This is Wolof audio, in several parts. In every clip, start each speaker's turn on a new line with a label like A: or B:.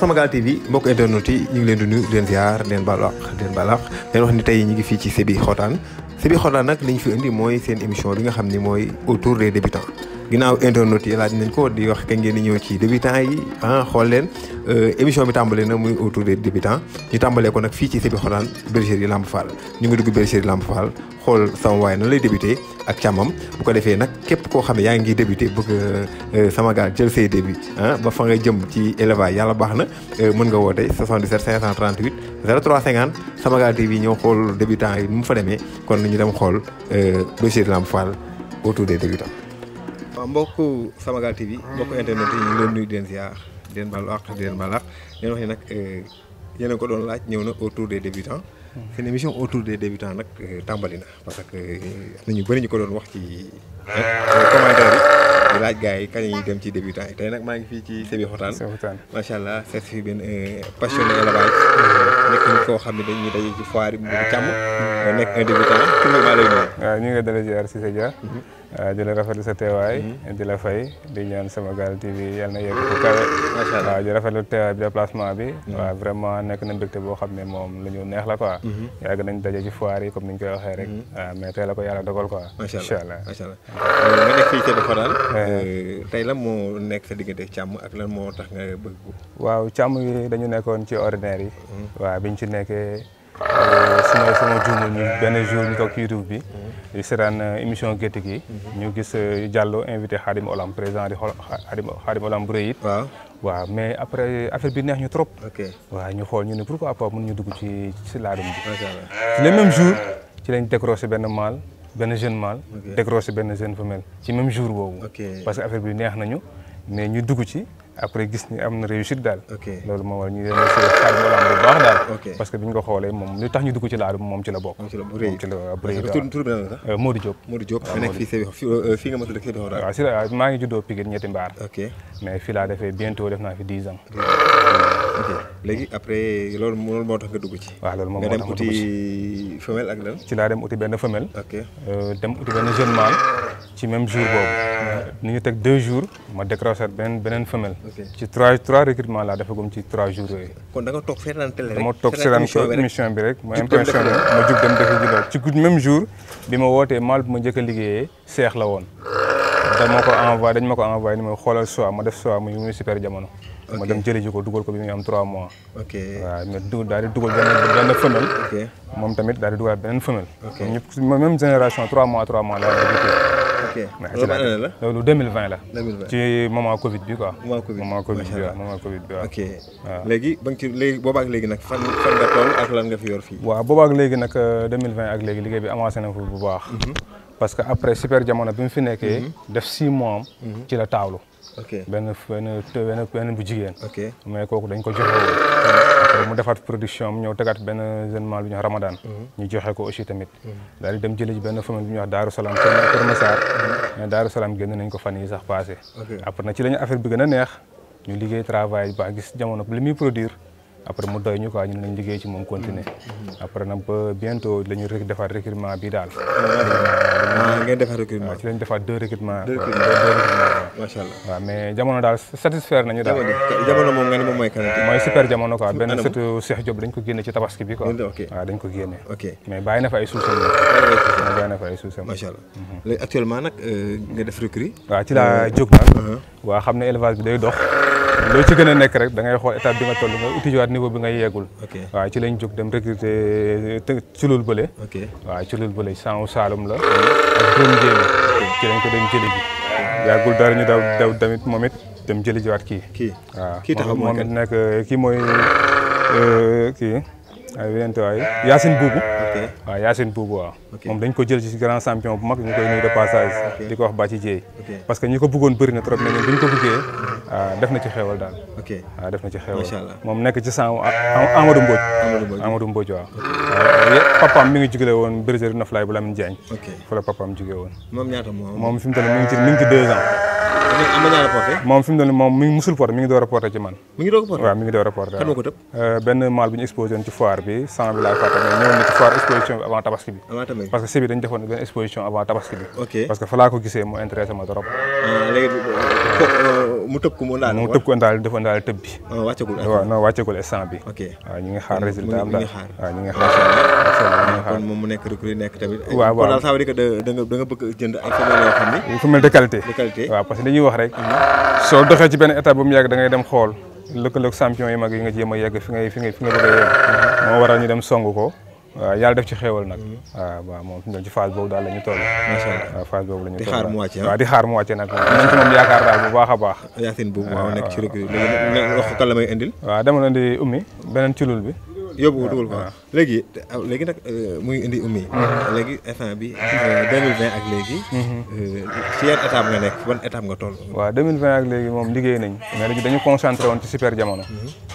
A: sama gal TV bok internet yi ñu ngi leen di nuyu di leen ziar di leen balax di leen balax leen wax ni tey ñu ngi ci Xotaan Sébikotane nag li ñu fi indi mooy seen émission bi nga xam ni mooy autour des débutants ginnaaw internet yi laaj nañ ko di wax kañ ngeen di ñëw ci débutants yi ah xool leen euh, émission bi tàmbale na muy autour des débutants ñu tàmbalee ko nag fii ci Sébikotane bergerie Lamp Fall ñu ngi dugg bergerie Lamp Fall xool sama waay nan lay débuté ak càmmam bu ko defee nag képp koo xam ne yaa ngi débuté bëgg euh, sama gaal jël say début ah ba fa nga jëm ci élevage yàlla baax na euh, mën nga woote 77 538 03 50 sama gaal TV ñëw xool débutants yi nu mu fa demee kon ñu dem xool bergerie Lamp Fall autour des débutants. waaw mbokku Samagal TV mm. mbokku internet yi ñu ngi leen nuyu di leen ziar di leen baalu àq wax ni nag euh, yéen a ko doon laaj ñëw na autour des débutants. Mm. seen émission autour des débutants nag euh, tàmbali na parce que euh, am na ñu bëri ñu ko doon wax ci eh, commentaire yi laaj gars yi kañ ñuy dem ci débutants yi tey nag maa ngi fii ci Sébi Xotaan. macha allah seet fi benn passionné élevage. Mm. nekk nit koo xam ne dañuy daje
B: ci foire yi mu ngi càmm. nekk un débutant tout maa lay nuyu. waaw Ah, di la rafetlu sa teewaay. Mhm. di la fay di ñaan Samagal TV yal na yegg fu kawe. macha allah waaw ah, di rafetlu teewaay bi déplacement bi. Mhm. waa vraiment nekk na mbégte boo xam ne moom lañu neex la ko quoi. Mhm. yàgg nañ daje ci foire yi comme ni koy waxee rek. waaw ah, mais tey la ko la dogal quoi. macha allah macha
A: allah euh, nekk fii ci euh, càmm ak lan moo tax
B: nga bëgg ko. waaw càmm yi dañu nekkoon ci ordinaire yi. waa biñ ci nekkee euh, su ma su ma juumul jour ñu toog ci YouTube bi. c'est une euh, émission gétt mhm. ñu euh, Diallo invité Harim Olam présent Olam mais après affaire bi trop waaw ñu xol ñu ne pourquoi pas ñu dugg le même jour ci lañ décroché ben Mal ben jeune mâle décroché ben jeune femelle ci même jour parce que affaire bi neex nañu mais ñu dugg après gis ni am na réussite daal. loolu moom war ñu remercier Fall Molam bu baax daal. parce que bi ñu ko xoolee moom li tax ñu dugg ci laadum moom ci la bokk. moom ci la bu rëy bu la sax. Euh, Modou a dëkk
A: Sébikotane. waaw si la
B: maa ngi juddoo Pikine ñetti mbaar. mais fii laa defee bientôt def naa fi dix ans. ok ah. léegi après loolu loolu moo tax nga dugg ci. wa loolu moom moo tax dem uti femelle ak lan. ci la dem outil benn femelle. ok euh dem outil ben jeune mâle. ci même jour boobu. ni ñu teg deux jours ma décrocher ben beneen femelle. ci 3 3 recrutement laa defagum ci 3 jours yooyu. kon da nga toog seetaan télé rek. mo tok seetaan ko émission bi rek ma impression bi ma jug dem defi ji ci guddi même jour bi ma wootee mâle ma njëkk a liggéeyee la won dama ko envoyé dañ ma ko envoyé ni ma xoolal soit ma def soit muy muy super jamono. ma dem dugal ko bi am trois mois. ok waaw mais du daal di dugal benn benn femelle. ok moom tamit daal di dugal beneen femelle. ok ñëpp même génération trois mois trois mois daal la. 2020 ci moment Covid bi quoi. moment Covid bi waaw moment Covid bi waaw. ok
A: léegi ba nga léegi nag fan fan nga toll ak lan nga fi yor fii.
B: waaw ak léegi nag 2020 euh, ak léegi liggéey bi avancé na foofu bu baax. Mhm. parce que après super jamono bi mu fi nekkee. Mhm. def six mois am. Mhm. ci la taawlu. ok benn benn benn bu jigéen. ok mais kooku dañ ko joxe woon. mu defaat production am ñëw tegaat benn jeune mâle bu ñuy wax Ramadan. Mhm. ñu joxe ko aussi tamit. Mhm. daal di dem jëlee ji benn famille bu ñuy wax Daaru Salaam Kër Massar. Mhm. mais Daaru nañ ko fan yi sax passé. après na ci lañu affaire bi gën a neex ñu liggéey travail ba gis jamono li muy produire. après mu doy ñu quoi ñun lañ liggéey ci moom continuer. après na ba bientôt la ñu defaat recrutement bi daal. ah ngeen defaat recrutement ci lañ defaat deux recrutement. macha allah waaw mais jamono daal satisfaire nañu daal jamono moom nga ne moom mooy kan mooy ah. super jamono quoi benn surtout Cheikh Diop dañ ko génne ci tabaski bi quoi waaw dañ ko génne mais bàyyi na fa ay suusam bàyyi na fa ay suusam macha allah mhm. euh, nga def recrue waaw ci laa euh, jóg daal uh-huh. waa xam ne élevage bi day dox loo ci gën a nekk rek da ngay xool étape bi nga toll nga utiliwaat niveau bi nga yeegul waaw ci lañ jóg dem recruter culul bële waaw culul bële sangu saalum la ak dóom jéemi ci lañ ko dem jëli ji yàggul dara ñu daw daw tamit moom it dem jëli jiwaat kii. kii kii taxaw moom it nekk kii mooy euh, kii ay wéyante waay waaw ah, Yacine Bouba moom dañ ko jël ci grand champion bu mag ñu koy nuyu de passage ah, di ko wax Bathie Dieye parce que ñi ko bëggoon bëri na trop mais ñun bu ñu ko bëggee ah, def na ci xeewal daal waaw def na ci xeewal moom nekk ci sang Amadou Mbodj Amadou Mbodj waaw papaam mi ngi jugale woon bergerie Noflaye bu Lamine Diagne fa la papaam jugee woon moom ñaata moom fi mu toll mi ngi ci mi ngi ci deux ans moom fi mu doon moom mi ngi musul porté mi ngi door a porté ci man mi ngi door a porté waaw mi ngi door a porté kan euh, benn maal bu ñu exposé ci foire bi sang bi laa fàtte mais na ci foire exposition bi avant tabaski bi. avant tabaski parce que si bi dañu defoon benn exposition avant tabaski bi. parce que fa ko gisee mu intéressé ma trop.
A: Ah, euh, mu tëb ko mu daal mu tëb ko daal
B: dafa daal tëb bi. Ah, wàccagul waaw waaw ñu ngi xaar résultat am daal waaw ñu ngi xaar. Ah, kon moom mu nekk recrue tamit. waaw bëgg jënd ay femelles yoo xam ne. femelle de qualité de qualité waaw parce que dañuy wax rek. Mhm. soo doxee ci benn étape bu mu yàgg da ngay dem xool lëkkaloog champion yi mag yi nga jéem a yegg fi ngay fi ngay fi nga bëgg a yegg mhm. moo waral ñu dem song ko waaw yàlla def ci xéewal nag. Mm-hmm. waaw waaw moom fi ci phase boobu daal la ñu toll. macha allah waaw phase boobu la ñu toll ah? di xaar mu wàcce waaw di nag. moom yaakaar daal bu baax a baax. Yacine boobu waaw nekk ci rek léegi la may indil. waaw bi. yóbbu ko dugal ko léegi
A: léegi nag euh, muy indi ummi. Mm-hmm. léegi instant bi 2020 ak léegi. Mm-hmm.
B: Euh, nga nekk ban étape nga toll. waaw 2020 ak léegi moom liggéey nañ mais dañu concentré woon ci super jamono.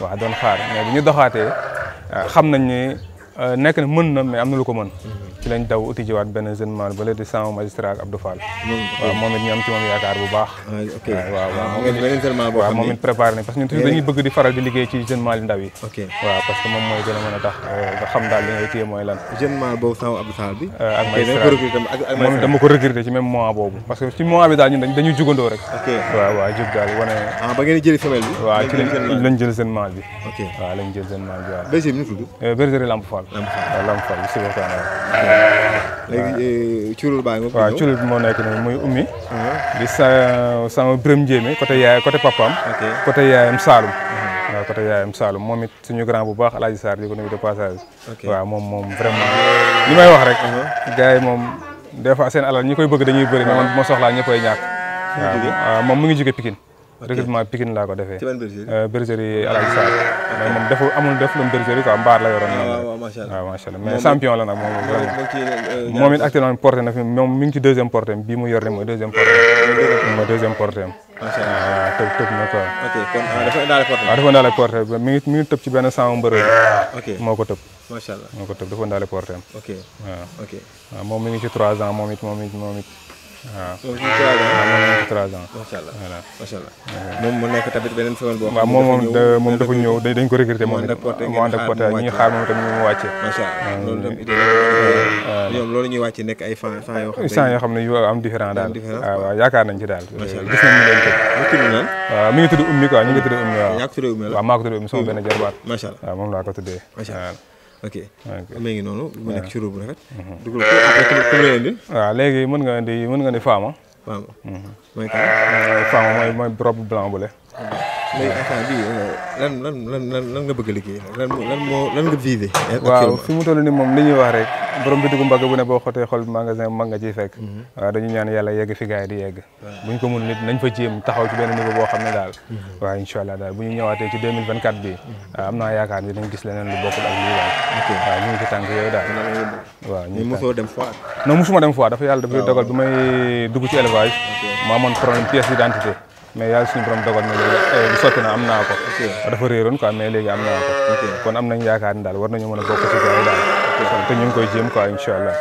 B: waaw doon xaar mais bu ñu doxaatee ah, xam nañ nekk na mën na ko mën. كلين داو اوتي جي وات بنزين مال بلي دي سان ماجستراك عبدو فال مومن ني ام تي مومن ياكار بو باخ اوكي واو مومن بنزين مال بو مومن بريبار ني باسكو ني داني بيغ دي فارال دي ليغي تي جين مال نداوي اوكي واو باسكو موم موي غنا مانا تاخ دا خام دال لي تي موي لان جين مال بو سان عبدو فال بي اك ماجستراك مومن دا مكو ريغريتي سي ميم موا بوبو باسكو سي موا بي دا ني داني جوغندو رك اوكي واو واو جوغ دال وانا اه با غيني جيري سيمل بي واو كلين لن جيل سين مال بي اوكي واو لن جيل léegi
A: euh, curul baa ngi waaw curul bi moo
B: nekk nii muy ummi ah. di sa sama bërëm njéeme côté yaay côté papaam côté yaayam Saalum mhm. waaw côté yaayam Saalum moom it suñu grand bu baax Alaaji Sarr di ko nuyu de passage waaw moom moom vraiment li may wax rek uh-huh. gars yi moom des fois seen alal ñu koy bëgg dañuy bëri mais man bu ma soxlaa ñëppay ah, moom mu ngi jóge Pikine recrutement Pikine laa ko defee. ci ban bergerie euh, bergerie Alaaji Sarr. mais moom defu amul def lu mbaar la yoroon. waaw ah, waaw macha allah waaw ah, mais champion la nag moom moom. moom it euh, actuellement porté na fi moom mi ngi deuxième porté bii mu yor nii mooy deuxième porté. mooy deuxième porté am. macha moo ko tëb. moo ko tëb dafa indaale porté ah, moom mi ngi ci trois ans moom it moom it waaw
A: am moom mu beneen phénomène boo xam ne moom moom dafa ñëw dañ ko recruter moom moo ànd ak porté ñu ngi
B: xaar moom tamit ñu mu wàcce macha allah loolu tam wàcce nekk ay fan yoo xam ne fan yoo xam ne yu am différent daal waaw yaakaar nañ ci daal gis ñu leen ummi quoi ñu ngi ummi waaw maa ko tuddee ummi sama benn jarbaat moom laa ko tuddee ok
A: léegi noonu mu nekk ci bu rafet mhm. dugal ko après ku
B: léegi mën nga di mën nga indi faama faama mhm. mooy euh, faama blanc bu le mhm. léegi instant
A: bii euh, lan lan lan nga bëgg a liggéey lan moo lan nga visé. waaw fi
B: mu toll nii moom li ñuy wax rek borom bitigu mbagg bu ne boo xotee xol magasin mag nga ciy fekk. Mhm. dañu ñaan yàlla yegg fi gars yi yegg. bu ñu ko mun nit nañ fa taxaw ci benn niveau boo xam ne daal. Mhm. waaw incha allah daal bu ñu ñëwaatee ci 2024 bi. Mhm. waaw am naa yaakaar ne dañu gis leneen lu bokkul ak lii daal. ok waaw ñu tànk yooyu daal. waaw ñu ngi dem foire. non mosuma dem foire dafa yàlla dafa ah, dogal bi may dugg ci élevage. ma amoon problème pièce d'identité mais yàlla suñu borom dogal na léegi eh, sotti na am naa ko dafa réeroon quoi léegi am naa ko kon am nañ yaakaar ni daal war nañu mën a bokk ci ñu ngi koy jéem quoi incha allah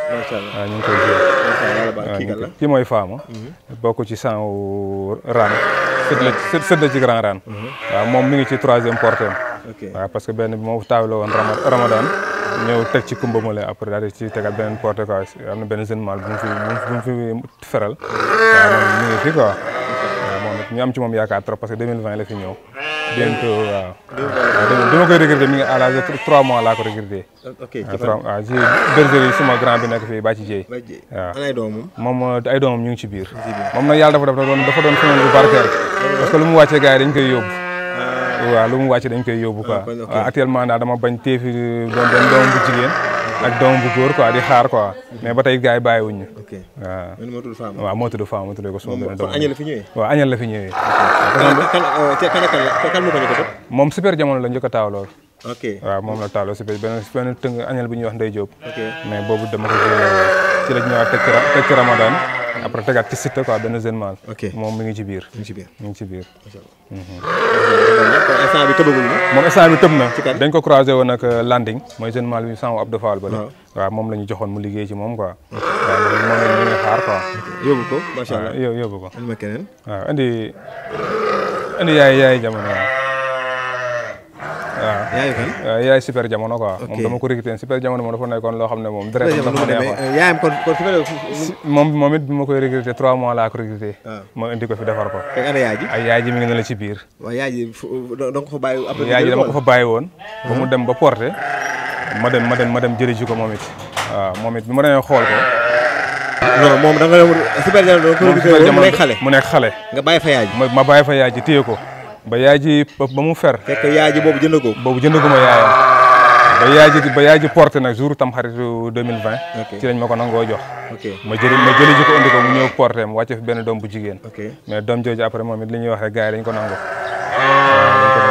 B: waaw ñu ngi koy jéem kii mooy faama mhm. bokk ci san raan sët sët ci grand raan mhm. waaw moom mu ngi ci troisième portée waaw parce que benn bi moo taawle woon ramadan ñëw teg ci kumba male après daal di ci tegal beneen porté quoi am na benn jeune mal bu mu fi bu mu fi feral waaw moom mi ngi ñu am ci moom yaakaar trop parce que 2020 la fi ñëw. bientôt waaw. waaw dama koy recruter mi ngi à l'âge de mois laa ko recruter. ok suma grand bi nekk fii Bàcci Dieye. waaw ay moom ay doomam ñu ngi ci biir. moom nag yàlla dafa doon dafa doon semaine bu barkeel. parce que lu mu wàccee gars yi dañ koy yóbbu. Ah. waaw lu mu wàccee dañ koy yóbbu quoi. Ah, actuellement daal dama bañ téye fi doon doom bu jigéen. ak doom bu góor quoi di xaar quoi. mais ba tey gars yi wuñ ñu. ok waaw man moo tudd Fama. waaw moo ko suma benn doom. añal la fi ñëwee. waaw añal la fi ñëwee. moom super jamono la njëkk a taaw lool. ok waaw moom la taaloo super benn benn tëng añal bi ñuy wax Ndey Diop. mais boobu dama ko ci la ñu ñëwaat teg Ramadan après tegaat ci Siteu quoi benn jeune mâle. moom mi ngi ci biir. mi ngi ci biir mi ngi ci biir. instant bi tëbagul na. moom instant bi tëb na. dañ ko croisé woon ak euh, landing mooy jeune mâle bi sànq Abdou Fall ba ah. la. waaw moom la ñu joxoon mu liggéey ci moom quoi. waaw moom ñu ngi xaar quoi. yóbbu ko macha allah yóbbu ko. indi ma yaay yaay jamono waaw. yaayu kan waaw eh, yaay super jamono quoi moom dama ko recruté super jamono moom dafa nekkoon loo xam ne moom eh, yaayam moom moom bi ma koy recruté trois mois laa ko recruté ah. ma indi ko fi defar ko fekk ana yaay ji ay yaay ji mi ngi ne la ci biir waaw yaay ji danga ko fa dama ko fa bàyyi woon ba mu ah. dem ba porté ma dem ma dem ma dem jëli ji ko moom it waaw bi ma demee xool ko non moom da nga super jamono mu nekk xale nga bàyyi fa yaay ma bàyyi fa yaay ji téye ko ba yaay ba mu fer. fekk yaay ji boobu jënd ko. boobu jënd ko ma yaayam. ba yaay ji nag jour tam xaritu 2020. ci lañ ma ko nangoo jox. ma jëli ma jëli ji ko indi ko mu ñëw porté mu wàcce fi benn doom bu jigéen. mais doom jooju après moom it li ñuy wax rek gars yi ko nangoo. Ah.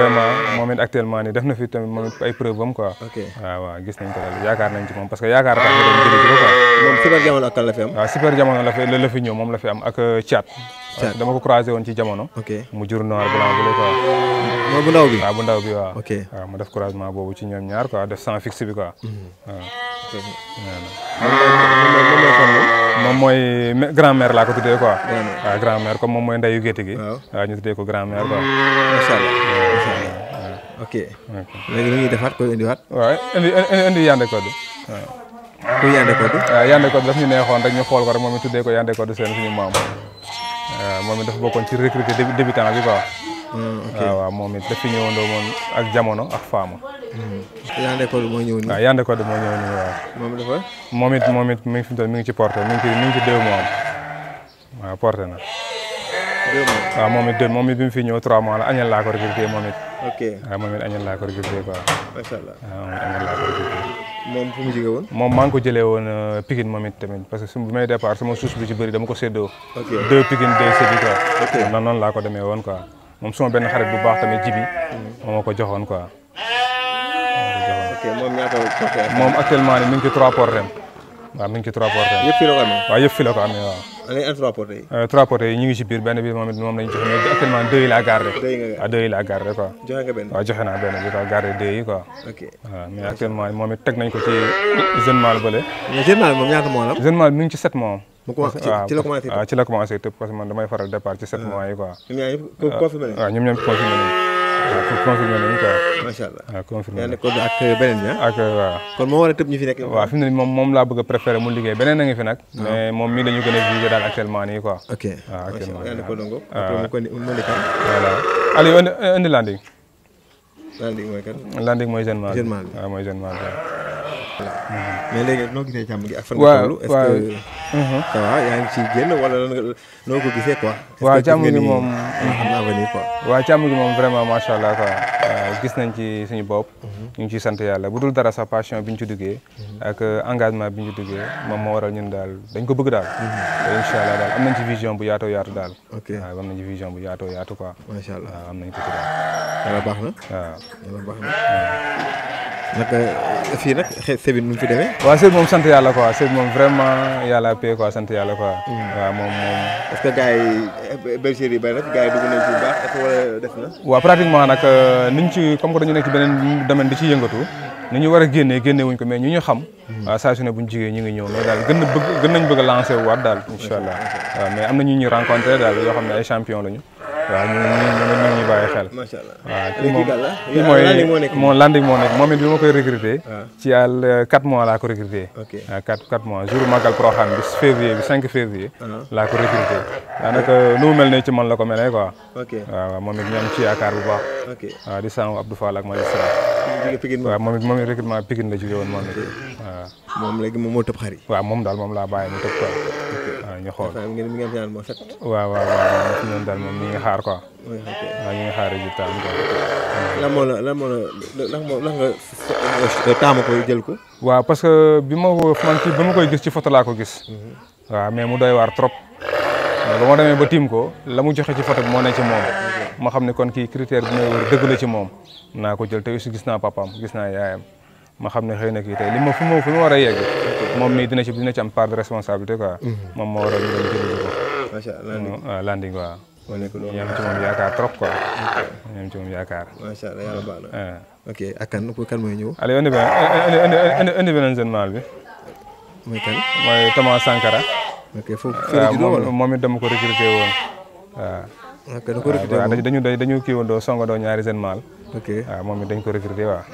B: vraiment moom it actuellement nii def na fi tamit moom oke, ay preuve am quoi. ok waaw waaw gis nañ ko daal yaakaar nañ ci moom parce que yaakaar tax na doon jëriñ ko quoi. moom super jamono ak kan la fi am. super jamono la fi la fi ñëw moom la fi am ak Thiat. Euh, Thiat dama ko croisé woon ci jamono. ok mu jur noir blanc bleu quoi. mooy bu ndaw bi waaw bu ndaw bi waaw. ok waaw ma def couragement boobu ci ñoom ñaar quoi def sans fixe bi quoi. Mhm. waaw. moom mooy grand mère laa ko tuddee quoi. waaw grand mère comme moom mooy ndeyu gétt gi. waaw ñu tuddee ko grand mère quoi. macha
A: allah ok. léegi ñuy defaat
B: koy indiwaat. waaw indi di Yandé Codou waaw. ku ñu neexoon rek ñu xool ko rek moom it tuddee ko Yandé Codou seen suñu maam moom ci recruter débutant bi quoi. waaw mm, ah, waaw moom it dafi ñëwandoo ak jamono ak faama
A: mm. Yandé Codou moo ñëw nii waaw ah, Yandé Codou moo ñëw nii waaw moom dafa
B: moom it mi ngi mu mi ngi ci porté mi ngi mi ngi ci deux na waaw ah, moom it dén moom it bi mu fi ñëw trois mois la añal laa ko recruté moom it moom ko recruté
A: quoi fu mu jógee woon moom maa ngi
B: ko jëlee woon euh, Pikine moom tamit parce que su bi may départ sama suus bi ci bëri dama ko séddoo deux Pikine deux Sébi quoi noonu noonu laa ko demee woon quoi mom suma ben xarit bu baax tamit jibi moom ma ko joxoon quoi.
A: mom moom ñaata moom
B: actuellement ni mi ngi ci trois ports rem mingi trois portes yëpp fii la ko amee waaw yëpp fii la ko amee
A: waaw trois portes
B: yi trois portes yi ñu ngi si biir benn bi moom moom lañ joxe mais actuellement deux yi laa gardé waaw deux yi laa gardé quoi joxe nga benn waaw joxe naa benn bi quoi gardé deux yi quoi ok waaw mais actuellement moom it teg nañ ko ci jeune mâle bële jeune mâle moom ñaata moo la jeune mâle mi ngi ci sept mois ci la commencé waaw ci la commencé tëb parce que man damay faral départ ci sept mois yi quoi
A: ñoom ñoom
B: confirmé nañ confirmé nañ quoi macha allah waaw confirmé yaa nekkoon ak beneen bi ak waaw kon moo war a tëb ñu fi nekk waaw fi mu ne moom moom laa bëgg a préféré mu liggéey beneen a ngi fi Oke. mais moom mii dañu gën a visé daal actuellement nii quoi ok waaw ah, actuellement yaa ya. nekkoon dongo après ah. mu
A: ko mu indi kan voilà
B: Aliou indi indi eh, landing Landing mooy kan. Landing mooy jeune mâle jeune mâle waaw ah, mooy jeune mâle mais léegi noo gisee càmm gi ak fan nga toll est-ce que
A: mhm. ça va yaa ngi ciy génn wala noo ko gisee quoi. waaw càmm gi moom est-ce que gis nga ni avenir quoi.
B: waaw càmm gi moom vraiment macha allah quoi. gis nañ ci suñu bopp. ñu ngi ciy sant yàlla bu dul dara sax passion bi ñu ci duggee. ak engagement bi ñu ci duggee moom moo waral ñun daal dañ ko bëgg daal. te incha allah daal am nañ ci vision bu yaatoo yaatu daal. ok waaw am nañ ci vision bu yaatoo yaatu quoi. macha allah waaw am nañ ko ci daal. yàlla baax na waaw yàlla baax na. bi nu mu fi demee. waaw sëb moom sant yàlla quoi sëb moom vraiment yàlla paie quoi sant yàlla quoi. Mm. moom moom.
A: bergerie ba rek gars yi
B: pratiquement nag euh, niñ ci comme que dañu nekk ci beneen domaine di ci yëngatu ni ñu war a génnee génne wuñ ko mais ñu ñu xam. Hmm. saa su ne bu ñu jigee ñu ngi ñëw mais daal gën a bëgg gën nañ bëgg a lancer waat daal incha allah waaw mais am na ñu ñuy rencontré daal yoo xam ne ay champion lañu. waaw ñu ñu ñu ñu bàyyi xel. macha allah waaw kii moom kii moom moom it ma koy recruter. Ah. ci àll 4 mois laa ko recruter. ok 4 ah, 4 mois jour màggal Porokhane bi février bi 5 février. Ah. laa ko recruter daanaka lu mu mel ne ci man la ko melee eh, ne ok waaw waaw moom it ñu ci yaakaar bu baax. ok waaw di sànq Abdou Fall ak magistrat. waaw moom it moom it recrutement Pikine la jógee woon moom daal moom laa bàyyi mu tëb quoi. ñu xool. waaw moo set. waaw waaw waaw fi daal moom ñu ngi xaar quoi. waaw ñu ngi xaar résultat am quoi. ko jël waaw parce que bi ma man ci ma koy gis ci photo laa ko gis. Mhm. waaw mais mu doy waar trop. ba ma demee ba tiim ko la mu joxe ci photo bi moo ne ci moom. ma xam ne kon kii critère bi may wër dëgg ci moom. naa ko jël te aussi gis naa papaam gis naa yaayam. ma xam ne xëy na kii tey li ma fu ma fu ma war a yegg. moom mii dina ci dina ci am part de responsabilité quoi. Mhm. moom moo waral ñu doon jëriñu ko. macha allah euh, landing waaw nekk loolu ñu am ci moom yaakaar trop quoi. ñu moom yaakaar. macha ñëw. allez indi beneen bi. mooy kan mooy Thomas Sankara. ok foofu fii moom moom it ko recruté woon waaw. ok da ko recruté woon dañu dañu kii woon doo songo doo ñaari jeune mâle. moom it dañ ko recruté waaw.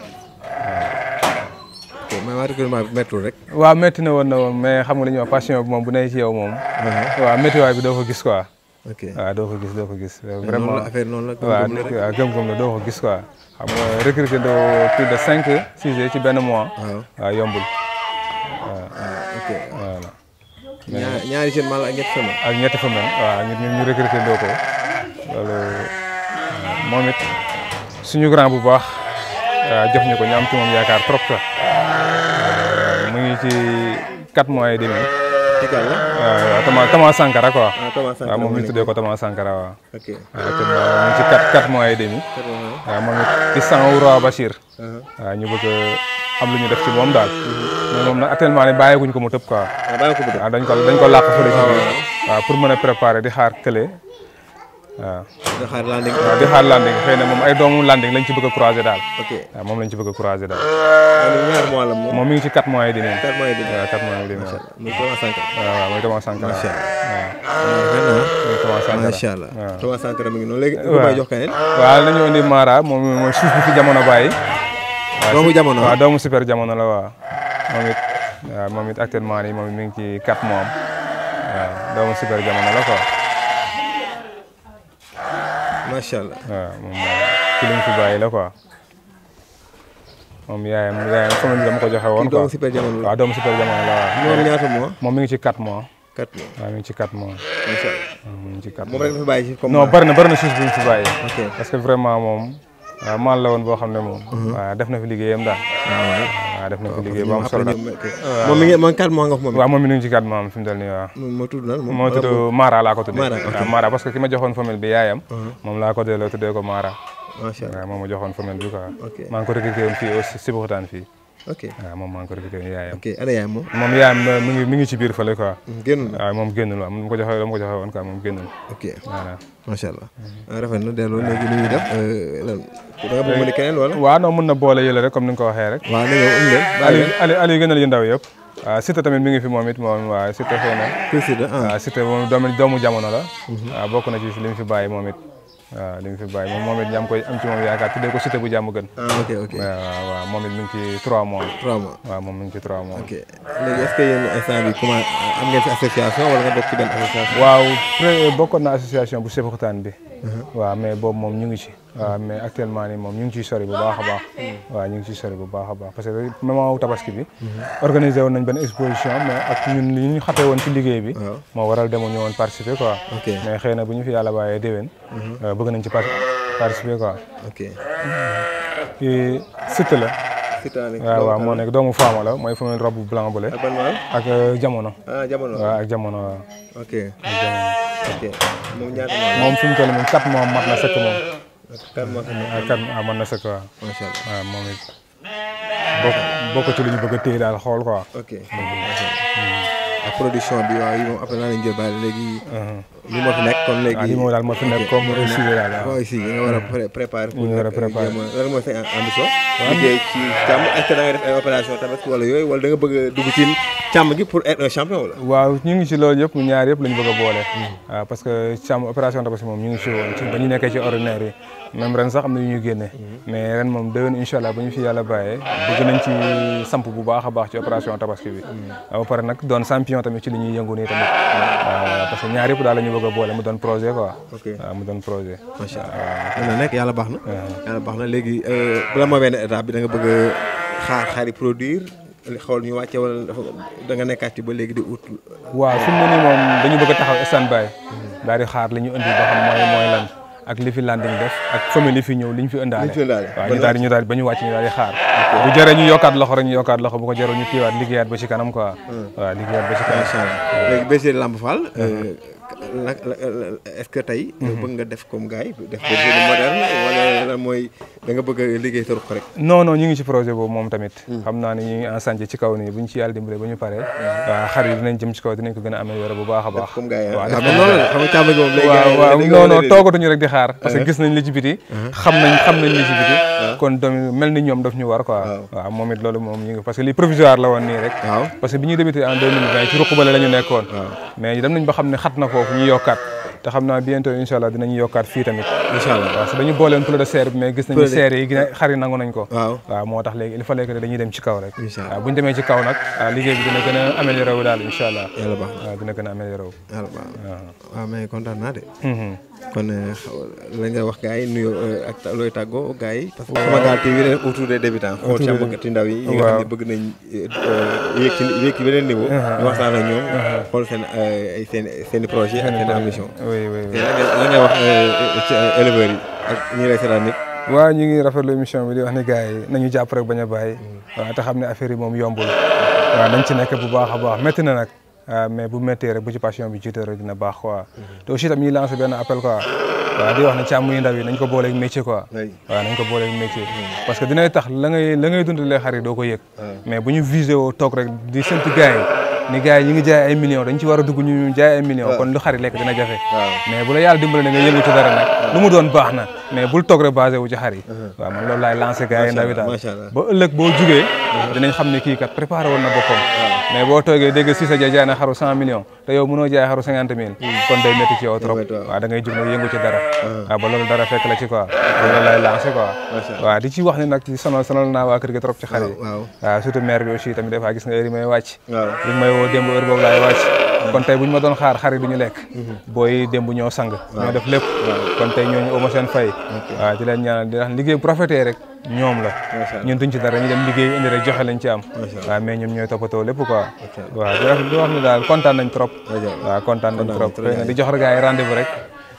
B: mais waa recrutement rek. waaw métti na woon na woon mais xam nga li ñuy wax passion bi moom bu nekk ci yow moom. Uh-huh. waaw méttiwaay bi doo ko gis quoi. ok waaw doo ko gis doo ko gis. noonu la affaire noonu la gëm-gëm la ko xam nga recruter doo plus de cinq six ci benn mois. waaw waaw yombul. waaw ah, ok voilà. ñaari jeunes mâle ak ñetti femelle. ak ñetti femelle waaw ñun ñu recruter doo moom it suñu grand bu baax euh, jox ñu ko ñu am moom yaakaar trop sax. ngi ci 4 mois et demi. Thomas ya? ya, ya, Sankara quoi. Thomas Sankara ko Thomas Sankara waaw. ok ngi ci 4 mois et demi. waaw moom ci roi ñu bëgg am def ci ko mu quoi. ko mu dañ ko dañ ko ci pour préparer di xaar di ah. xaar landing di ah, xaar landing xëy na ay doomu landing lañ ci bëgg croiser daal ok waaw ah, lañ ci bëgg croiser daal
A: ñaar mois la moom moom mi
B: ngi ci quatre mois di neen quatre mois di neen waaw mois yi di neen muy Thomas Sankara waaw waaw muy Thomas Sankara macha allah muy Thomas Sankara macha allah waaw
A: Thomas Sankara mi ngi noonu léegi jox
B: waaw Mara suuf fi jamono doomu jamono waaw doomu super jamono la waaw actuellement mi ngi ci mois waaw doomu super jamono la macha allah waaw ah, moom ci lañ fi bàyyi la quoi. moom yaayam yaayam sama dama ko joxe woon. doomu super jamono la waaw ah, doomu super jamono la waaw. moom ñaata mois. moom mi ngi ci 4 mois. 4 mois waaw mi ngi fi bàyyi comme fi bàyyi. parce que vraiment moom. maal la woon boo xam ne moom. Mhm. waaw def na fi liggéeyam daal. Ah, def na ko liggéey bu am solo moom mi ngi man quatre mois nga moom waaw moom mi ngi ci quatre mois am fi mu toll nii waaw moo tudd lan moo tudd Mara laa ko tuddee waaw Mara parce que ki ma joxoon famille bi yaayam uh-huh. moom laa ko delloo tuddee ko Mara moom maa ngi ko recruté woon fii aussi Sibuxtaan fii ok moom maa ngi ko recruté woon yaayam moom yaayam euh, mi ngi ci biir fële quoi génn moom génnul mu ko joxee la mu ko joxee woon quoi moom génnul macha allah. Ah, rafet na delloo léegi li ñuy def euh, lan. da nga bëgg mën na boole yële rek comme ni nga ko waxee rek. waaw na ñëw um leen. Aliou Aliou ndaw yëpp. waaw ah, Siteu tamit mi ngi fi moom it moom waaw Siteu xëy na. Siteu ah, ah Siteu doomu jamono la. waaw mhm. bokk na ci li mu fi bàyyi moom it. waaw li mu fi bàyyi moom moom it ñaam koy am ci moom yaakaar tuddee ko cité bu jàmm gën. ah ok ok waaw waaw moom it mi ngi ci trois mois. trois mois waaw moom mi ngi ci trois mois. ok
A: léegi est ce que yéen instant bi comment am ngeen fi association wala nga bokk ci benn association. waaw
B: bokkoon na association bu Sébikotane bi. waaw mais boobu moom ñu ngi ci waaw mais actuellement ni moom ñu ngi ciy sori bu baax a baax waaw ñu ngi ciy sori a baax parce que moment wu tabaski bi organisé woon nañ benn exposition mais ak ñun xatee woon ci liggéey bi moo waral demoon ñu woon participer quoi mais xëy na bu ñu fi yàlla bàyyee déwén mhm. bëgg nañ ci participer quoi ok Siteu la waaw waa moo nekk doomu faama la mooy famille robe blanc bu le ak euh, jamono ah, jamono waaw ak jamono waaw moom ñaata eh. moom fi mu toll moom kat moom mat na sëkk moom. kat moom kat mat na sëkk waaw. macha allah waaw moom it bokk bokk ci lu ñu bëgg a daal xool quoi.
A: ok production bi waaw yi moom après jël baal léegi.
B: Uh-huh. li moo fi nekkoon léegi li ah, moo daal moo fi nekkoon mu réussir daal waaw réussir nga war a préparer pour nga war a préparer lan
A: mooy sa ambition liggéey ci càmm est-ce que da nga def ay opération tamit wala yooyu wala da
B: nga bëgg a dugg ci càmm gi pour être un champion wala waaw ñu ngi si loolu yëpp ñaar yëpp la bëgg boole ah, parce que càmm opération tabaski moom ñu ngi si woon ci ba ñu nekkee ci ordinaire même ren sax am na yu mhm. mais ren moom déwén incha allah bu ñu fi yàlla bàyyee bëgg nañ ci samp bu baax a baax ci opération tabaski bi mhm. ah, ba pare nag doon champion tamit ci li ñuy yëngu nii tamit mhm. parce que ñaar yëpp daal la bëgg a boole mu doon projet quoi. ok waaw mu doon projet. macha na. yàlla baax
A: na léegi euh, bala moo benn étape bi da xaar xaari produire xool ñu wàcce wala da nga nekkaat ci ba léegi di ut.
B: waaw fi mu ne dañu bëgg taxaw stand by. daal di xaar li ñu indi mooy lan. ak li fi landing def ak famille li fi ñëw li ñu fi ëndaale waaw ñu daal di ñu daal ba ñu wàcc ñu daal di xaar bu jëree ñu yokkaat loxo rek ñu yokkaat loxo bu ko jëree ñu kiiwaat liggéeyaat ba ci kanam quoi hmm. waaw liggéeyaat ba ci kanam
A: léegi la est-ce que tey. bëgg nga def comme gars yi def ko moderne wala mooy. da nga bëgg a liggéey tëru ko rek.
B: non ñu ngi ci projet boobu moom tamit. Hmm. xam naa ne ñu ci kaw nii bu ci yàlla dimbalee ba paree. waaw xar yi jëm ci kaw dinañ ko gën a amélioré bu baax a baax. comme gars yi ah rek di xaar. parce que eh. gis nañ li ci biti. Hmm. xam nañ xam nañ li ci biti. Eh. kon doom mel ni ñoom daf ñu war quoi. waaw moom loolu moom ñu parce que lii provisoire la woon nii rek. parce que bi ñuy débuté en 2020 ba xam ne xat na foofu ñu yokkaat te xam naa bientôt incha allah dinañu yokkaat fii tamit incha allah waaw su dañu booleen poulet de serre bi mais gis nañu serre yi xar yi nangu nañ ko waaw waaw moo tax léegi il fallait que dañuy dem ci kaw rek waaw demee ci kaw nag ah, liggéey bi dina gën a amélioré wu daal incha allah dina gën a amélioré wu yàlla baax
A: waaw mais kontaan naa de mm-hmm. kon euh, la nga wax gars yi euh, oui oui.
B: lan ñu ngi lu émission bi di wax ne gars na ñu jàpp rek bañ a bàyyi. waaw xam ne affaire yi moom yombul. waaw nañ ci nekk bu baax a baax métti na nag. mais bu méttee rek bu ci passion bi jiite rek dina baax quoi. te aussi tam ñuy lancer benn appel quoi. waaw di wax ne càmm yu ndaw yi nañ ko booleeg métier quoi. waaw nañ ko booleeg métier. parce que dinay tax la ngay la ngay dundalee xar yi ko yëg. Ah. mais bu ñu visé woo toog rek di séntu gars ni gars yi ñu ngi jaay ay millions dañ ci war a dugg ñu ñu jaay ay millions kon lu xari lekk dina jafe mais bu la yàlla dimbale na nga yëngu ci dara nag lu mu doon baax mais bul toog rek basé wu ci xar yi man loolu laay lancé gars ndaw daal ba ëllëg boo jugee dinañ xam ne kat préparé woon na boppam mais boo toogee dégg si sa jaay jaay na xaru cent millions te yow mënoo jaay xaru cinquante hmm. kon day métti ci yow trop waaw da ngay jug nag yëngu ci dara waaw ba loolu dara fekk la ci quoi loolu laay lancé quoi waaw di ci wax ni nag ci sonal sonal naa waa kër gi trop ci xar yi waaw surtout maire bi aussi tamit des gis nga yi may wàcc yeewoo démb heure boobu laay wàcc kon tey bu ñu ma doon xaar xar yi du ñu lekk booy démb ñoo sang ñoo def lépp kon tey ñooñu oma seen fay waaw di leen liggéey bu rafetee rek ñoom la ñun duñ ci dara ñu dem liggéey indi rek joxe lañ ci ñoom ñooy toppatoo lépp quoi waaw di wax daal kontaan nañ trop waaw kontaan nañ trop xëy na di jox rek ay rendez-vous rek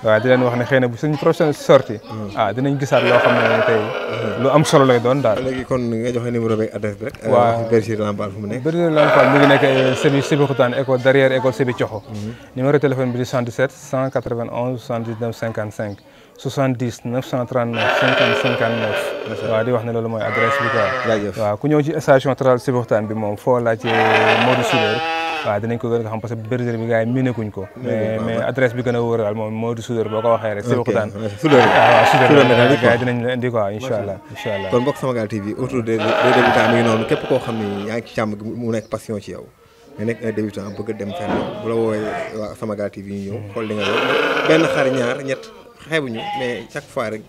B: waaw di leen wax ne xëy na bu suñ prochaine sortie hmm. ah dinañ gisaat loo xam ne tey hmm. lu am solo lay doon daal léegi kon mu joxe numéro bi bi rek waaw euh, bergerie nekk bergerie Lambaal mi ngi nekk euh, sebi Sébikotane école derrière école Sébi Coxo hmm. numéro téléphone bi di 77 191 79 55 70 939 50 59 waaw di wax ne loolu mooy adresse bi quoi waaw ku ñëw ci station totale Sébikotane bi moom foo laajte Modou Souleur waaw dinañ ko gën a xam parce que bergerie bi gars yi miinaguñ ko mais mais bi gën a wóor daal moom moo di Soudar boo ko waxee rek Sébikotane ah, waaw Soudar gars yi dinañ la indi quoi incha allah incha allah kon
A: mbokk Samagal TV autour des débutants mi noonu képp koo xam ne yaa ngi mu nekk passion ci yow nga nekk un débutant bëgg dem fenn bu la woowee waa Samagal TV ñu ñëw xool li nga benn xar ñaar ñett xeebuñu mais chaque fois rek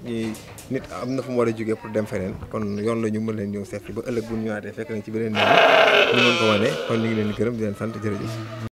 A: nit am na fu mu war a jógee pour dem feneen kon yoon la ñu mën leen ñëw seet ba ëllëg bu ñu ñëwaatee fekk nañ ci beneen nit ñu mën ko wane kon ñu ngi leen di gërëm di leen sant jërëjëf